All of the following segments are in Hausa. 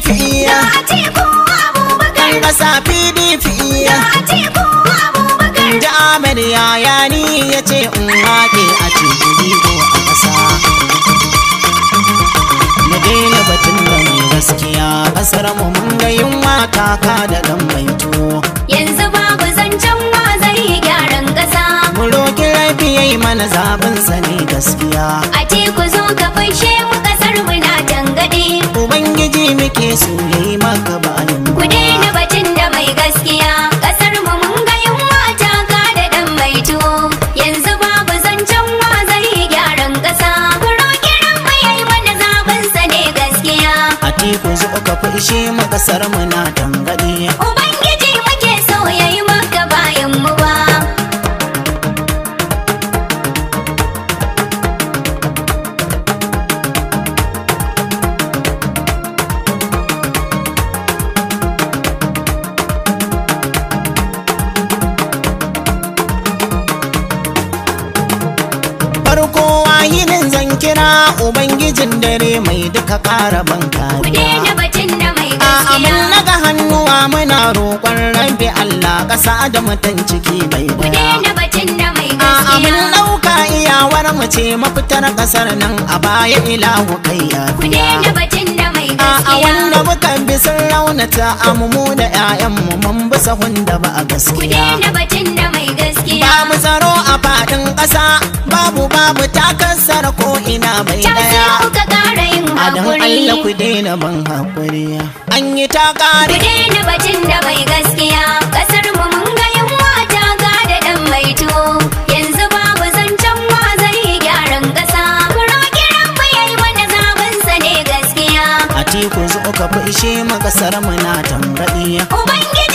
PDP ya Atiku Abubakar ƙasa PDP ya Abubakar da Ahmed Yayani ya ce in waƙe a cikin Igbo a ƙasa mu daina batun nan gaskiya ƙasar mu mun ga yunwa kaka da dan mai tuwo yanzu babu zancen wa zai gyara annabi yayi mana zabin sa ne gaskiya a ce ku zo ka fashe mu kasar mu na dangade ubangiji muke so yayi maka bayan ku daina batun da mai gaskiya kasar mu mun ga yunwa ta ka da dan mai tuwo yanzu babu zancen wa zai gyaran ƙasa. ku roki ran mai yayi mana zabin sa ne gaskiya a ce ku zo ka fashe mu kasar mu ubangijin dare mai duka ƙara banka. amin naga hannuwa muna roƙon rabi Allah ƙasa da mutan ciki mai A amin ɗauka iyawar mu ce mafitar ƙasar nan a baya ilahu kai ya a wanda muka bi sun raunata amu da 'ya'yanmu mun bi hunda ba a gaskiya tsaro a fadin ƙasa babu babu takansar ko ina bai daya kuka Allah ku daina ban hakuri an yi ta kare ku daina bacin da bai gaskiya ƙasar mu mun ga yunwa ta ga da ɗan mai yanzu babu zancen wa zai gyaran ƙasa mu roƙi mu yayi mana zaben sa ne gaskiya a tiku zo ka ishe mu kasar mu na tambaɗiya ubangiji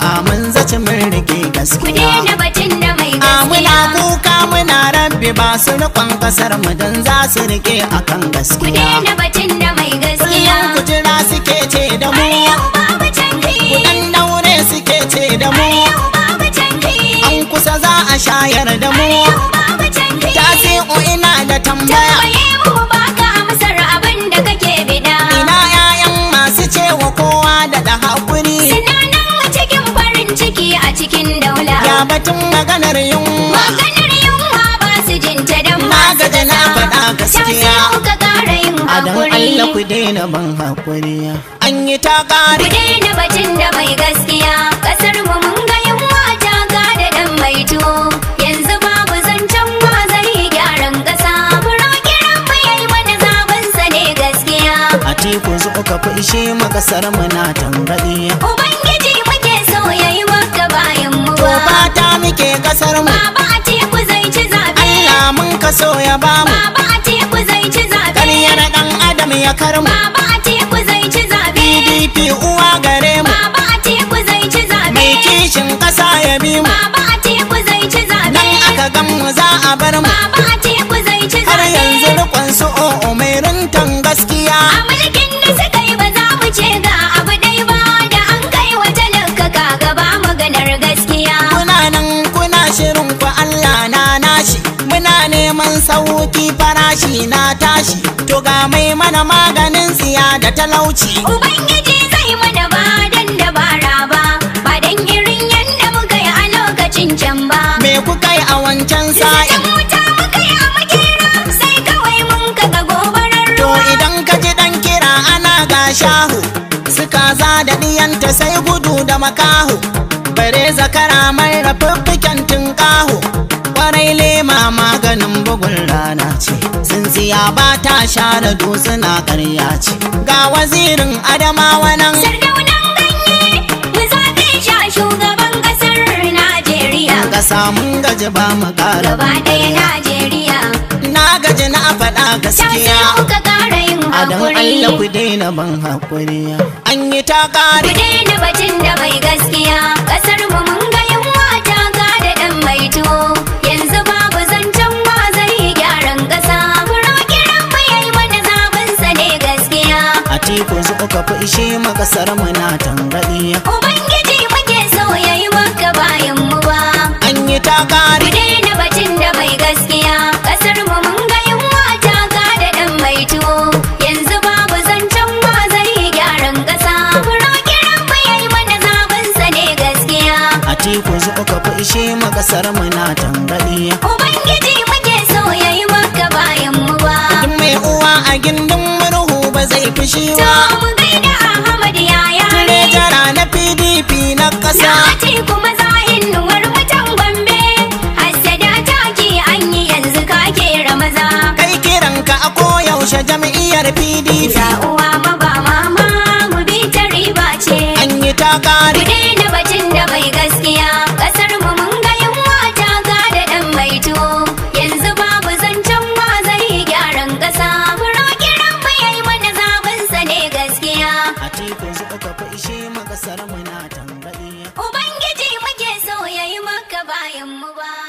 a mun zaci mun rike gaskiya Ku na batun da mai gaskiya muna kuka muna rabbi ba su rikon kasar mu dan za su rike akan gaskiya Ku na batun da mai gaskiya ku jira suke ce da mu babu canji ku dan daure suke ce da mu babu canji an kusa za a shayar da mu babu canji ta ce o ina da tambaya tambaye mu ya batun maganar yunwa maganar yunwa ba su jinta dan magaja na faɗa gaskiya kuka ƙara yin hakuri Allah ku daina ban hakuri an yi ta ƙari ku daina batun da mai gaskiya kasar mu mun ga yunwa ta gada dan mai tuwo yanzu babu zancen ma zai gyaran ƙasa mu roƙi ranmu yayi mana zaben sa ne gaskiya a teku zo ka fi ishe mu mu na tambaɗi so ya bamu baba a ku zai ci zabe yana ɗan adam ya kar mu. baba a ku zai ci zabe pdp uwa gare mu baba a ku zai ci zabe mai kishin ƙasa ya bi mu baba a ku zai ci zabe dan aka gan mu za a bar mu baba a ku zai ci zabe har yanzu rikon su o'o oh, oh, mai ina neman sauki farashi na tashi to ga mai mana maganin siya da talauci ubangiji zai mana ba dan dabara ba ba dan irin yanda muka yi a lokacin can ba me kuka yi a wancan sa'in wuta muka yi a makera sai kawai mun kaga gobarar ruwa to idan ka ji dan kira ana ga shahu suka za da ɗiyanta sai gudu da makahu bugun rana ce tsintsiya ba ta share dutsuna karya ce ga wazirin adamawa nan samun ganye mu zaɓe shugaban ƙasar gaji ba mu ƙara daya ɗaya najeriya na gaji na faɗa gaskiya kuka kara yin haƙuri Allah ku daina ban haƙuri an yi ta ƙari ku daina bacin da bai gaskiya kasar mu mun kasar mu na ubangiji muke so ya yi maka bayan mu ba an yi ta kare daina bacin da bai gaskiya kasar mu mun ga yunwa ta ga da dan mai tuwo yanzu babu zancen ma zai gyaran kasa furo kiran mu yayi mana zabinsa ne gaskiya a teku zuwa ka fi ishe ma kasar mu na ubangiji muke so ya yi maka bayan mu ba mai uwa a gindin murhu ba zai fushi ba rushe jam'iyyar pdp ya uwa baba mama mu bi ta riba ce an yi ta kare ku daina bacin da bai gaskiya kasar mu mun ga yunwa ta ga da dan maito yanzu babu zancen ma zai yi gyaran kasa kuro kiran mu yayi mana zaben sa ne gaskiya a teku zuka ishe mu kasar mu na tambaye ubangiji muke so yayi maka bayan mu ba